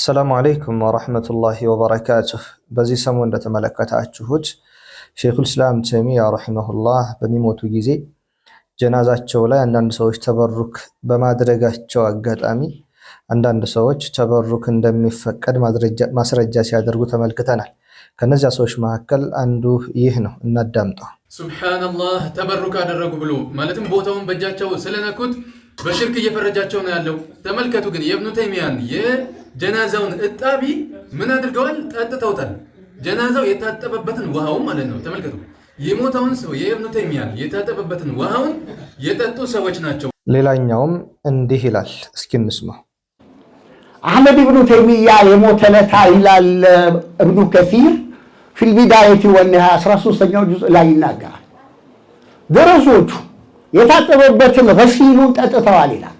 አሰላሙ አለይኩም ወረሕመቱላሂ ወበረካቱህ። በዚህ ሰሞን እንደተመለከታችሁት ሼኹል ኢስላም ተይሚያ ረሒመሁላህ በሚሞቱ ጊዜ ጀናዛቸው ላይ አንዳንድ ሰዎች ተበሩክ በማድረጋቸው አጋጣሚ አንዳንድ ሰዎች ተበሩክ እንደሚፈቀድ ማስረጃ ሲያደርጉ ተመልክተናል። ከነዚያ ሰዎች መካከል አንዱ ይህ ነው። እናዳምጠው። ሱብሓነላህ ተበሩክ አደረጉ ብሎ ማለትም ቦታውን በእጃቸው ስለነኩት በሽርክ እየፈረጃቸው ነው ያለው። ተመልከቱ ግን የእብኑ ተይሚያን የጀናዛውን እጣቢ ምን አድርገዋል? ጠጥተውታል። ጀናዛው የታጠበበትን ውሃውን ማለት ነው። ተመልከቱ የሞተውን ሰው የእብኑ ተይሚያን የታጠበበትን ውሃውን የጠጡ ሰዎች ናቸው። ሌላኛውም እንዲህ ይላል። እስኪ እንስማ። አህመድ እብኑ ተይሚያ የሞተ ለታ ይላል እብኑ ከሲር ፊልቢዳየቲ ወኒሃ 13ኛው ጁዝ ላይ ይናገራል ደረሶቹ የታጠበበትን ገሲሉን ጠጥተዋል ይላል።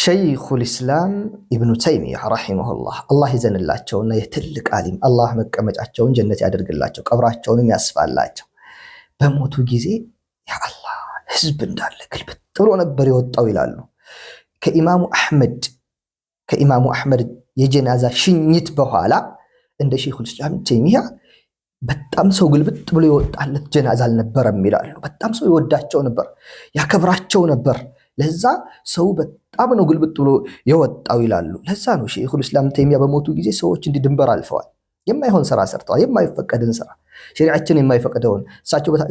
ሸይኹል ኢስላም ኢብኑ ተይሚያ ረሒመሁላህ አላህ ይዘንላቸውና የትልቅ ዓሊም አላህ መቀመጫቸውን ጀነት ያደርግላቸው ቀብራቸውንም ያስፋላቸው። በሞቱ ጊዜ ያአላህ ህዝብ እንዳለ ግልብጥ ብሎ ነበር የወጣው ይላሉ። ከኢማሙ አሕመድ ከኢማሙ አሕመድ የጀናዛ ሽኝት በኋላ እንደ ሸይኹል ኢስላም ተይሚያ በጣም ሰው ግልብጥ ብሎ የወጣለት ጀናዛ አልነበረም ይላሉ። በጣም ሰው ይወዳቸው ነበር፣ ያከብራቸው ነበር። ለዛ ሰው በጣም ነው ግልብጥ ብሎ የወጣው ይላሉ። ለዛ ነው ሼኹል ኢስላም ተይሚያ በሞቱ ጊዜ ሰዎች እንዲህ ድንበር አልፈዋል። የማይሆን ስራ ሰርተዋል፣ የማይፈቀድን ስራ ሸሪዓችን የማይፈቅደውን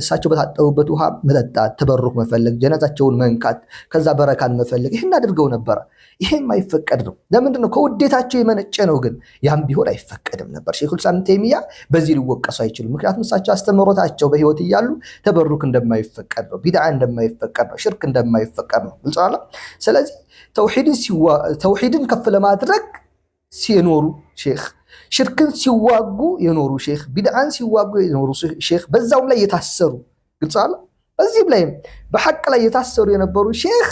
እሳቸው በታጠቡበት ውሃ መጠጣት፣ ተበሩክ መፈለግ፣ ጀነዛቸውን መንካት፣ ከዛ በረካን መፈለግ ይህን አድርገው ነበረ። ይሄ የማይፈቀድ ነው። ለምንድን ነው? ከውዴታቸው የመነጨ ነው። ግን ያም ቢሆን አይፈቀድም ነበር። ሼኹል ኢስላም ተይሚያ በዚህ ሊወቀሱ አይችሉም። ምክንያቱም እሳቸው አስተምህሮታቸው በህይወት እያሉ ተበሩክ እንደማይፈቀድ ነው፣ ቢድዓ እንደማይፈቀድ ነው፣ ሽርክ እንደማይፈቀድ ነው። ግልጽ ስለዚህ ተውሒድን ከፍ ለማድረግ ሲኖሩ ሼክ ሽርክን ሲዋጉ የኖሩ ሼክ ቢድአን ሲዋጉ የኖሩ ሼክ በዛውም ላይ የታሰሩ ግልጽ አለ። በዚህም ላይ በሐቅ ላይ የታሰሩ የነበሩ ሼክ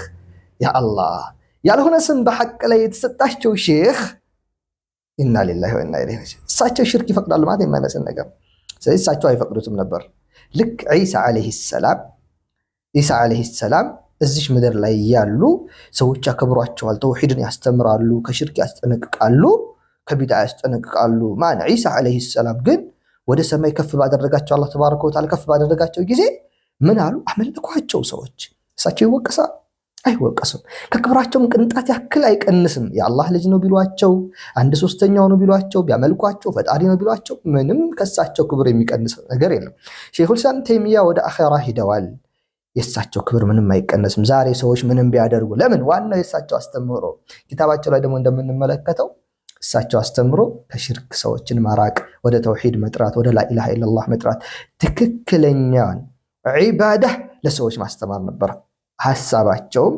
ያ አላህ ያልሆነ ስም በሐቅ ላይ የተሰጣቸው ሼክ ኢና ሊላሂ ወኢና ኢለይሂ ራጂዑን። እሳቸው ሽርክ ይፈቅዳሉ ማለት የማይመስል ነገር። ስለዚህ እሳቸው አይፈቅዱትም ነበር። ልክ ዒሳ ዓለይሂ ሰላም ዒሳ ዓለይሂ ሰላም እዚሽ ምድር ላይ ያሉ ሰዎች ያከብሯቸዋል፣ ተውሒድን ያስተምራሉ፣ ከሽርክ ያስጠነቅቃሉ። ከቢድዓ ያስጠነቅቃሉ። ማን ዒሳ ዓለይሂ ሰላም ግን ወደ ሰማይ ከፍ ባደረጋቸው አላህ ተባረከ ወተዓላ ከፍ ባደረጋቸው ጊዜ ምን አሉ? አመለኳቸው ሰዎች። እሳቸው ይወቀሳል አይወቀስም። ከክብራቸውም ቅንጣት ያክል አይቀንስም። የአላህ ልጅ ነው ቢሏቸው፣ አንድ ሶስተኛው ነው ቢሏቸው፣ ቢያመልኳቸው፣ ፈጣሪ ነው ቢሏቸው፣ ምንም ከእሳቸው ክብር የሚቀንስ ነገር የለም። ሼኹል ኢስላም ተይሚያ ወደ አኼራ ሂደዋል። የእሳቸው ክብር ምንም አይቀነስም። ዛሬ ሰዎች ምንም ቢያደርጉ ለምን? ዋናው የእሳቸው አስተምህሮ። ኪታባቸው ላይ ደግሞ እንደምንመለከተው እሳቸው አስተምሮ ከሽርክ ሰዎችን ማራቅ፣ ወደ ተውሂድ መጥራት፣ ወደ ላኢላሃ ኢለላህ መጥራት፣ ትክክለኛን ዒባዳ ለሰዎች ማስተማር ነበር። ሀሳባቸውም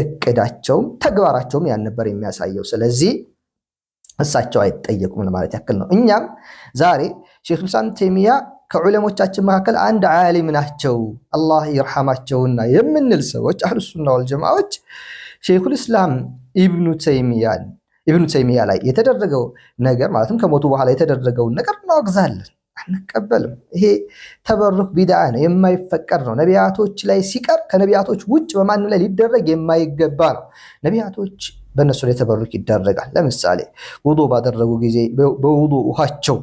እቅዳቸውም ተግባራቸውም ያን ነበር የሚያሳየው። ስለዚህ እሳቸው አይጠየቁም ለማለት ያክል ነው። እኛም ዛሬ ሼክ ኢብን ተይሚያ ከዑለሞቻችን መካከል አንድ ዓሊም ናቸው አላህ ይርሐማቸውና የምንል ሰዎች አህሉ ሱና ወልጀማዓዎች ሼኹል ኢስላም ኢብኑ ተይሚያን ኢብኑ ተይሚያ ላይ የተደረገው ነገር ማለትም ከሞቱ በኋላ የተደረገውን ነገር እናወግዛለን፣ አንቀበልም። ይሄ ተበሩክ ቢድዓ ነው፣ የማይፈቀድ ነው። ነቢያቶች ላይ ሲቀር ከነቢያቶች ውጭ በማንም ላይ ሊደረግ የማይገባ ነው። ነቢያቶች በእነሱ ላይ ተበሩክ ይደረጋል። ለምሳሌ ውዱ ባደረጉ ጊዜ በውዱ ውሃቸው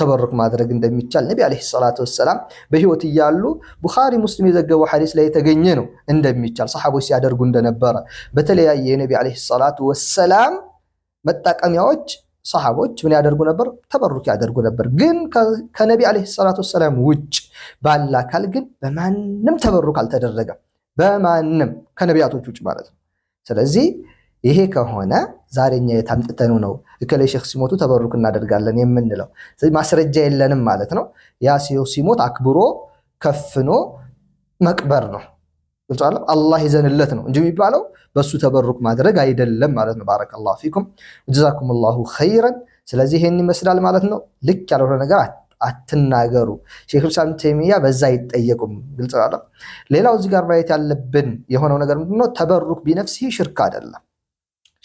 ተበሩክ ማድረግ እንደሚቻል ነቢ ዓለይሂ ሰላቱ ወሰላም በህይወት እያሉ ቡኻሪ ሙስሊም የዘገበው ሐዲስ ላይ የተገኘ ነው። እንደሚቻል ሰሓቦች ሲያደርጉ እንደነበረ በተለያየ የነቢ ዓለይሂ ሰላቱ ወሰላም መጠቀሚያዎች ሰሃቦች ምን ያደርጉ ነበር? ተበሩክ ያደርጉ ነበር። ግን ከነቢ ዓለይሂ ሰላቱ ወሰላም ውጭ ባለ አካል ግን በማንም ተበሩክ አልተደረገም። በማንም ከነቢያቶች ውጭ ማለት ነው። ስለዚህ ይሄ ከሆነ ዛሬኛ የታምጥተኑ ነው እከሌ ሼክ ሲሞቱ ተበሩክ እናደርጋለን የምንለው ማስረጃ የለንም ማለት ነው። ያ ሲሞት አክብሮ ከፍኖ መቅበር ነው። ገብቷል። አላህ ይዘንለት ነው እንጂ የሚባለው በሱ ተበሩክ ማድረግ አይደለም ማለት ነው። ባረከላሁ ፊኩም ላሁ ኸይረን። ስለዚህ ይሄን ይመስላል ማለት ነው። ልክ ያልሆነ ነገር አትናገሩ። ሼክ ኢብን ተይሚያ በዛ አይጠየቁም። ግልጽ አለ። ሌላው እዚህ ጋር ማየት ያለብን የሆነው ነገር ምንድነው? ተበሩክ ቢነፍሲ ሽርክ አይደለም።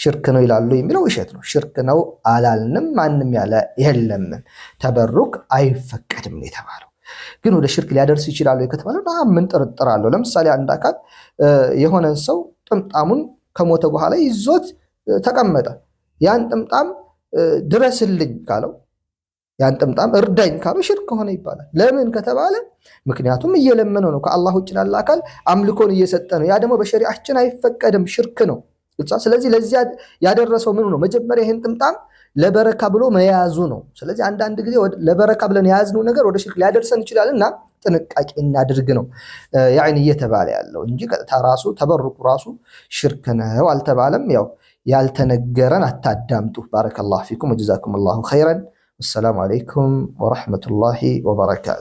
ሽርክ ነው ይላሉ የሚለው ውሸት ነው። ሽርክ ነው አላልንም። ማንም ያለ የለም። ተበሩክ አይፈቀድም የተባለው ግን ወደ ሽርክ ሊያደርስ ይችላሉ ከተባለ ምን ጥርጥር አለው? ለምሳሌ አንድ አካል የሆነን ሰው ጥምጣሙን ከሞተ በኋላ ይዞት ተቀመጠ። ያን ጥምጣም ድረስልኝ ካለው ያን ጥምጣም እርዳኝ ካለው ሽርክ ከሆነ ይባላል። ለምን ከተባለ ምክንያቱም እየለመነው ነው። ከአላህ ውጭ ላለ አካል አምልኮን እየሰጠ ነው። ያ ደግሞ በሸሪዓችን አይፈቀድም፣ ሽርክ ነው። ስለዚህ ለዚያ ያደረሰው ምኑ ነው? መጀመሪያ ይህን ጥምጣም ለበረካ ብሎ መያዙ ነው። ስለዚህ አንዳንድ ጊዜ ለበረካ ብለን የያዝነው ነገር ወደ ሽርክ ሊያደርሰን ይችላል እና ጥንቃቄ እናድርግ ነው ያይን እየተባለ ያለው እንጂ ቀጥታ ራሱ ተበርቁ ራሱ ሽርክ ነው አልተባለም። ያው ያልተነገረን አታዳምጡ። ባረከላሁ ፊኩም ወጀዛኩም ላሁ ኸይረን። ወሰላሙ አለይኩም ወረሕመቱላሂ ወበረካቱ